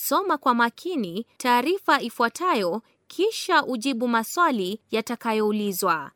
Soma kwa makini taarifa ifuatayo kisha ujibu maswali yatakayoulizwa.